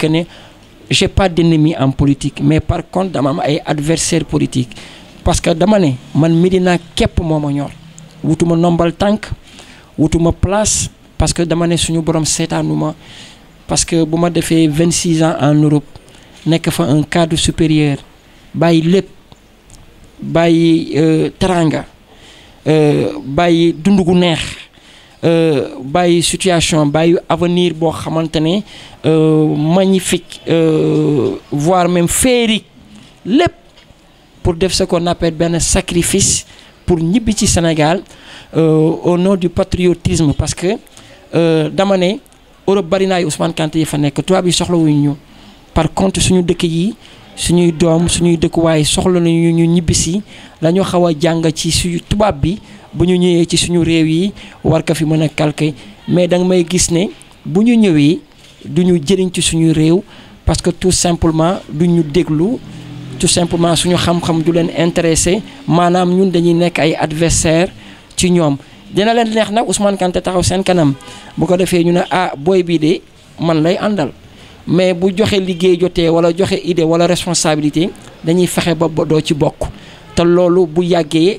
que ne j'ai pas d'ennemi en politique mais par contre dama am ay adversaire politique parce que dama ne man Medina kep moo ñor wutuma nombal tank wutuma place parce que dama ne suñu borom seetaanuma parce que buma défé 26 ans en Europe nek fa un cadre supérieur lepp lépp euh, taranga euh, dund dundugu neex euh, bàyyi situation bàyyi avenir bo xamante euh, magnifique euh, voire même féerique lépp pour def ce qu'on appelle ben sacrifice pour ñibi ci Sénégal euh, au nom du patriotisme parce que dama né Europe bari naa yu Ousmane Kanté yi fa nekk tubaab yi soxlawuñu ñu par contre suñu dëkk yi suñuy doom suñuy dëkkuwaay soxla nañu ñu ñibbisi dañoo lañu xawa jang ci suñu tubaab bi. bu ñu ñëwee ci suñu réew yi war ko fi mën a calquer mais danga may gis ne bu ñu ñëwee du ñu jëriñ ci suñu réew parce que tout simplement du ñu déglu tout simplement suñu xam-xam du leen intéressé maanaam ñun dañuy nekk ay adversaire ci ñoom dina leen neex nag Ousmane Kanté taxaw seen kanam bu ko defee ñu ne ah booy bii de man lay àndal mais bu joxe liggéey jotee wala joxe idée wala responsabilité dañuy fexe ba doo ci bokk te loolu bu yàggee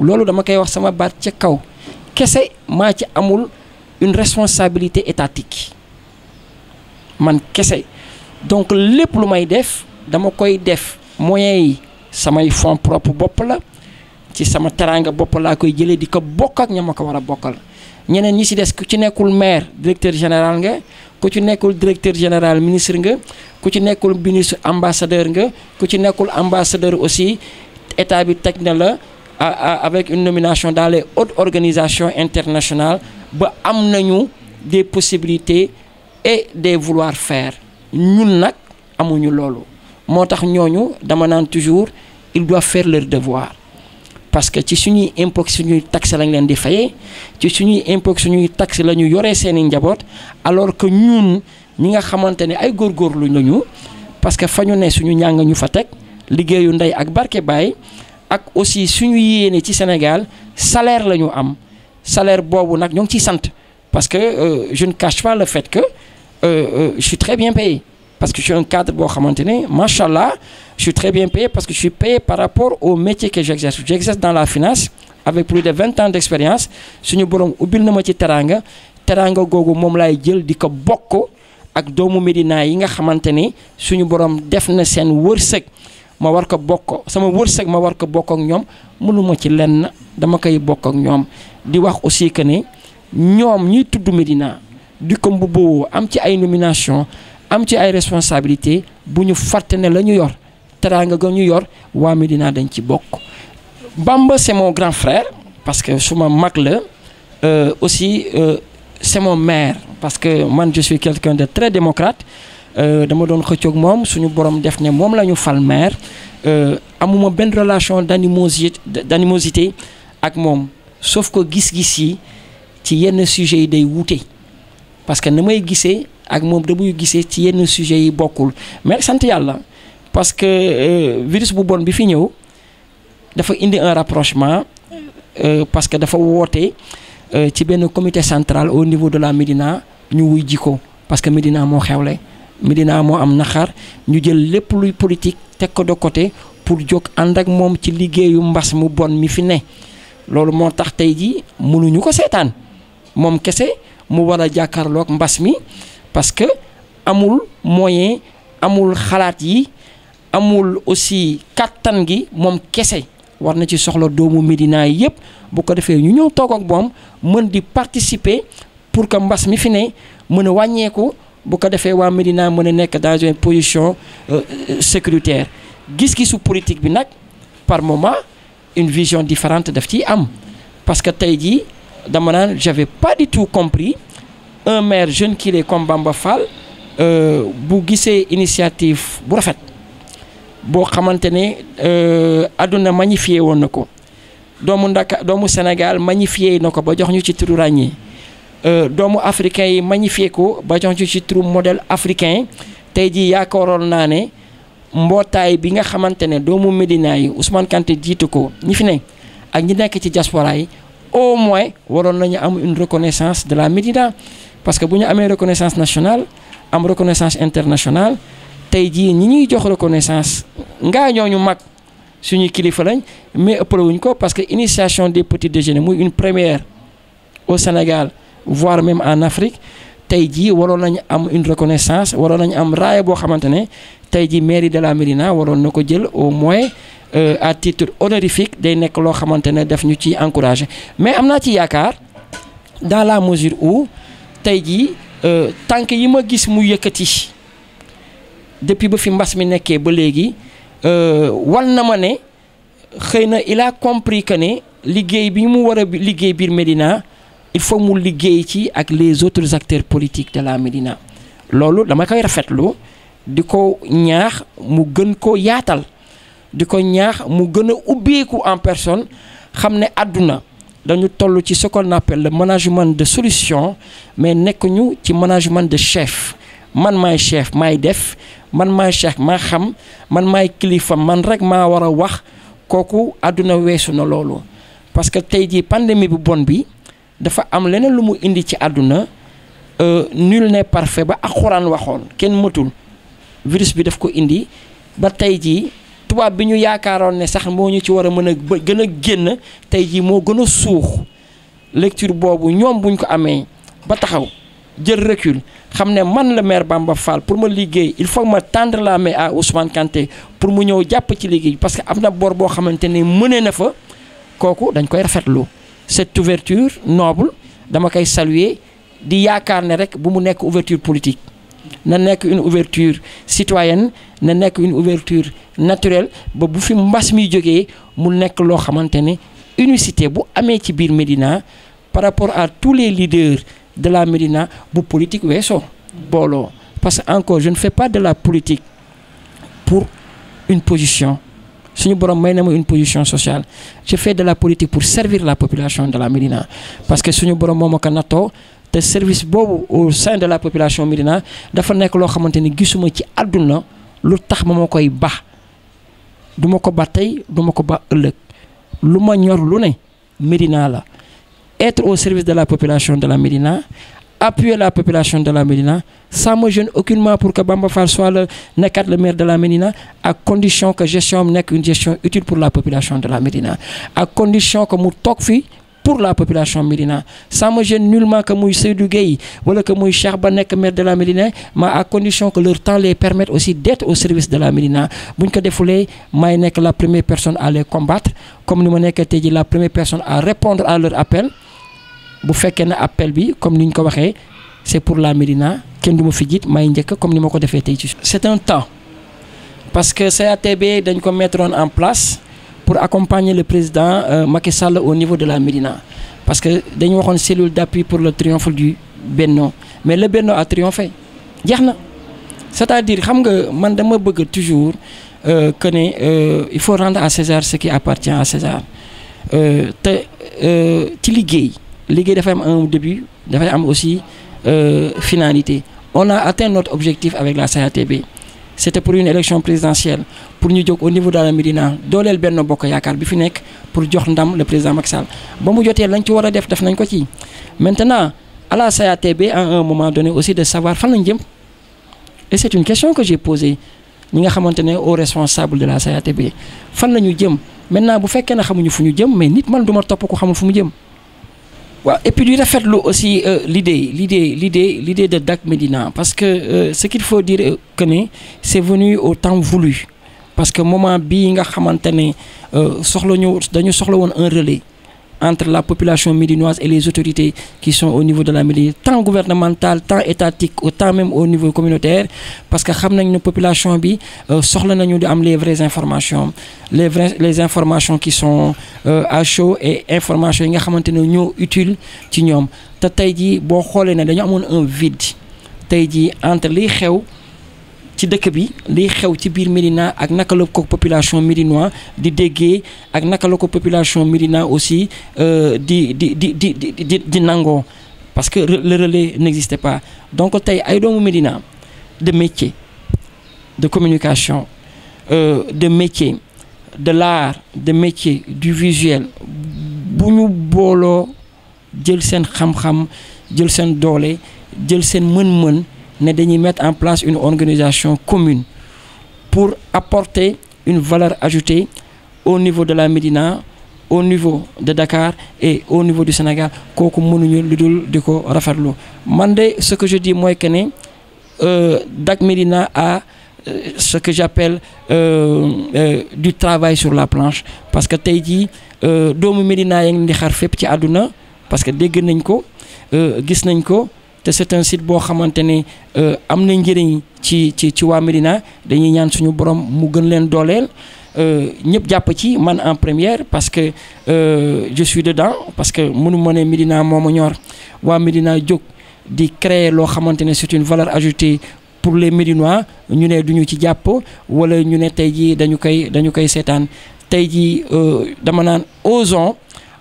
loolu dama koy wax sama bat ca kaw kese maa ci amul une responsabilité étatique man kese donc lépp lu may def dama koy def moyens yi samay fonds propre bopp la ci sama teraanga bopp laa koy jëlee di ko bokk ak ña ma ko war a bokkal ñeneen ñi ci des ku ci nekkul maire directeur général nga ku ci nekkul directeur général ministre nga ku ci nekkul ministre ambassadeur nga ku ci nekkul ambassadeur aussi état bi teg na la avec une nomination dans les autres organisations internationales ba am des possibilités et des vouloir faire Nous n'avons pas tax toujours ils doivent faire leur devoir parce que ci nous taxes lañ leen di nous ci nous alors que nous, nous nga nous parce que nous sommes suñu ñu fa ak aussi suñu yéene au Sénégal salaire lañu am salaire boobu nag ñoo ngi parce que euh, je ne cache pas le fait que euh, euh, je suis très bien payé parce que je suis un cadre boo xamante ne je suis très bien payé parce que je suis payé par rapport au métier que j'exerce j'exerce dans la finance avec plus de 20 ans d'expérience suñu borom ubbil na ma ci teranga Teranga, googu moom laay jël di ko bokk ak doomu Médina yi nga xamante suñu borom def na seen wërsëg ma war ko bokk sama wërsëg ma war ko bokk ak ñoom mënuma ci lenn dama koy bokk ak ñoom di wax aussi que ne ñoom ñuy tudd medina di ko mbubboo am ci ay nomination am ci ay responsabilité bu ñu fàtte ne la ñu yor teranga ga ñu yor waa medina dañ ci bokk Bamba c'est mon grand frère parce que suma mag la euh, aussi euh, c'est mon maire parce que man je suis quelqu'un de très démocrate euh, dama doon xëccoog moom suñu borom def ne moom la ñu fal maire euh, amuma benn relation d'animosité d'animosité ak moom sauf que gis-gis yi ci yenn sujet yi day wuute parce que na may gisee ak moom damuy gisee ci yenn sujet yi bokkul mais sant yàlla parce que euh, virus bu bon bi fi ñëw dafa indi un rapprochement parce que dafa woote ci benn comité central au niveau de la Médina ñu wuy ji parce que Médina moo xewle Medina moo am naxaar ñu jël lépp luy politique teg ko de côté pour jóg ànd ak moom ci liggéeyu mbas mu bon mi fi ne loolu moo tax tey jii mënuñu ko seetaan moom kese mu war a jàkkaarloog mbas mi parce que amul moyen amul xalaat yi amul aussi kàttan gi moom kese war na ci soxla doomu Medina yi yëpp bu ko defee ñu ñëw toog ak moom mën di participer pour que mbas mi fi ne mën a wàññeeku. bu ko defee waa Médina mën dans une position euh, euh, sécuritaire qui sous politique bi par moment une vision différente d'afti ciy am parce que t'as dit, dama j'avais pas du tout compris un maire jeune qui est comme Bamba Fall euh, bu gisee initiative bu rafet boo xamante euh, àdduna magnifier woon na ko doomu ndaka doomu Sénégal magnifier na quoi ba jox ñu ci turu Euh, doomu africain yi magnifié ko ba jox ci turu modèle africain tey jii yaakaaroon naa ne mbootaay bi nga xamante ne doomu Médina yi Ousmane quanti jiitu ko ñi fi ne ak ñi nekk ci diaspora yi au moins waroon nañu am une reconnaissance de la Médina parce que bu ñu amee reconnaissance nationale am reconnaissance internationale tey jii ñi ñuy jox reconnaissance ngaa ñu mag suñuy kilifa lañ mais ëppalewuñ ko parce que initiation des petits déjeuners muy une première au Sénégal voire même en Afrique tey jii waroon am une reconnaissance waroon nañu am raaya pour xamante ne mairie de la Médina waroon na ko au moins euh, à titre honorifique day nekk loo xamante ne ñu ci encouragé mais amna ci yakar dans la mesure où tey euh, tànk yi ma gis mu yëkëti depuis ba fi mbass mi nekké ba léegi euh, wan na ma ne il a compris que né liggéey bi mu wara liggéey biir il faut nous liguer ci ak les autres acteurs politiques de la Médina lolou dama koy rafetlu faire ñaax mu gën ko yaatal diko ñaax mu en personne hamne aduna dañu ce qu'on appelle le management de solution mais nekkuñu ci management de chef man may chef may def man may chef ma xam man suis kilifa man rek ma wara wax chef, na parce que tay pandémie dafa am leneen lu mu indi ci àdduna euh, nul ne parfait ba alxuraan waxoon kenn mëtul virus bi daf ko indi ba tey jii tubaab bi ñu yaakaaroon ne sax moo ñu ci war a mën a gën a génn tey jii moo gën a suux lecture boobu ñoom buñ ko amee ba taxaw jël recul xam ne man la maire Bamba Fall pour ma liggéey il faut ma tendre la main à Ousmane Kanté pour mu ñëw jàpp ci liggéey parce que am na bor boo xamante ni mënee na fa kooku dañ koy rafetlu. cette ouverture noble dama kay saluer di yaakaar ne rek bu mu nek ouverture politique na nek une ouverture citoyenne na nek une ouverture naturelle ba bu fi mbass mi jógee mu nek lo xamantene unicité bu amé ci bir Médina par rapport à tous les leaders de la Médina bu politique wesso bolo parce que encore je ne fais pas de la politique pour une position suñu borom may une position sociale je fais de la politique pour servir la population de la Médina parce que suñu borom moo nato, te service au sein de la population Médina dafa que loo xamante ni gisuma ci àdduna lu tax ma ma koy baax du ko ba tey du ma ko ba lu ma ñor lu ne Médina la être au service de la population de la Médina appuyer la population de la Médina. Ça me gêne aucunement pour que Bamba Fall soit le, le maire de la Médina, à condition que gestion n'est une gestion utile pour la population de la Médina. À condition que mon fi pour la population médina. Ça me gêne nullement que je Seydou Gueye ou que Mouy Charbanek, maire de la Médina, mais à condition que leur temps les permette aussi d'être au service de la Médina. Si je défoulé, je suis la première personne à les combattre, comme nous sommes la première personne à répondre à leur appel bu fekkee ne appel bi comme nous ko c'est pour la Médina kenn du ma fi jiit may njëkk comme ni ma ko defee ci c'est un temps parce que CATB dañ ko mettre en place pour accompagner le président euh, Macky Sall au niveau de la Médina parce que dañ waxoon cellule d'appui pour le triomphe du Benno mais le Benno a triomphé jeex c'est-à-dire xam nga man dama bëgg toujours euh, que euh, il faut rendre à César ce qui appartient à César euh, te euh, ci liggéey liggéey femmes am un début dafay am aussi euh, finalité on a atteint notre objectif avec la CATB c'était pour une élection présidentielle pour nous dire au niveau de la Médina dooleel benn bokk yaakaar pour jox ndam le président Maxal. Sall vous mu lañ ci war def maintenant à la CATB à un moment donné aussi de savoir fan lañ jëm et c'est une question que j'ai posée nous avons xamante au de la CATB fan la ñu jëm maintenant bu fekkee ne xamuñu fu jëm mais nit man sont pas topp ku que nous jëm et puis a fait aussi euh, l'idée l'idée l'idée l'idée de Dak Medina. parce que euh, ce qu'il faut dire euh, que c'est venu au temps voulu parce que moment où nga xamante dañu un relais entre la population médinoise et les autorités qui sont au niveau de la Médine, tant gouvernementale, tant étatique, autant même au niveau communautaire, parce que nous avons une population qui euh, di am les vraies informations, les les informations qui sont euh, à chaud et informations qui sont utiles ñoo utile ci ñom. un vide. entre les gens ci dëkk bi liy xew ci biir Médina ak naka la ko population médinois di déggee ak naka la ko population Médina aussi euh, di di di di di di nangoo parce que le relais n'existait pas donc tey ay doomu Médina de métier de communication euh, de métier de l'art de métier du visuel bu ñu booloo jël seen xam-xam jël seen doole jël seen mën-mën ne dañuy mettre en place une organisation commune pour apporter une valeur ajoutée au niveau de la Médina au niveau de Dakar et au niveau du Sénégal Je ce que je dis c'est que euh, Dak Médina a euh, ce que j'appelle euh, du travail sur la planche parce que Taïdi, Dom Médina a di xar parce que des gens ko c'est un site qui xamantene euh amna njëriñ ci ci Médina dañuy ñaan suñu borom mu gën leen euh, en première parce que euh, je suis dedans parce que mënu Médina ñor di créer c'est une valeur ajoutée pour les Médinois ñu né duñu ci japp wala ñu né tay ji dañu kay dañu sétane tay ji euh dama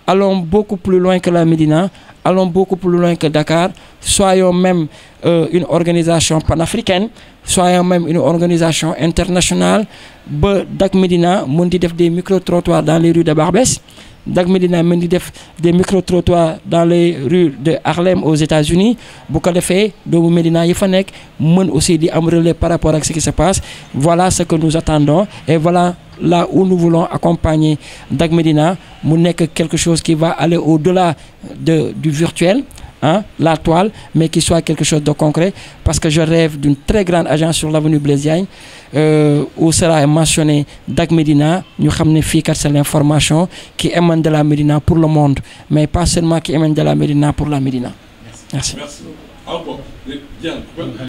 allons beaucoup plus loin que la Médina allons beaucoup plus loin que Dakar, soyons même euh, une organisation panafricaine, soyons même une organisation internationale. Ba Dak Medina il def des micro-trottoirs dans les rues de Barbès Dak Medina il def des micro-trottoirs dans les rues de Harlem aux États-Unis bu de Medina Yifanek, Il y aussi di am par rapport à ce qui se passe voilà ce que nous attendons et voilà là où nous voulons accompagner Dag Medina mu que quelque chose qui va aller au-delà de du virtuel Hein, la toile, mais qui soit quelque chose de concret, parce que je rêve d'une très grande agence sur l'avenue Blaise euh, où cela est mentionné Dag Medina, nous savons que c'est l'information qui émane de la Medina pour le monde, mais pas seulement qui émane de la Medina pour la Medina. Merci.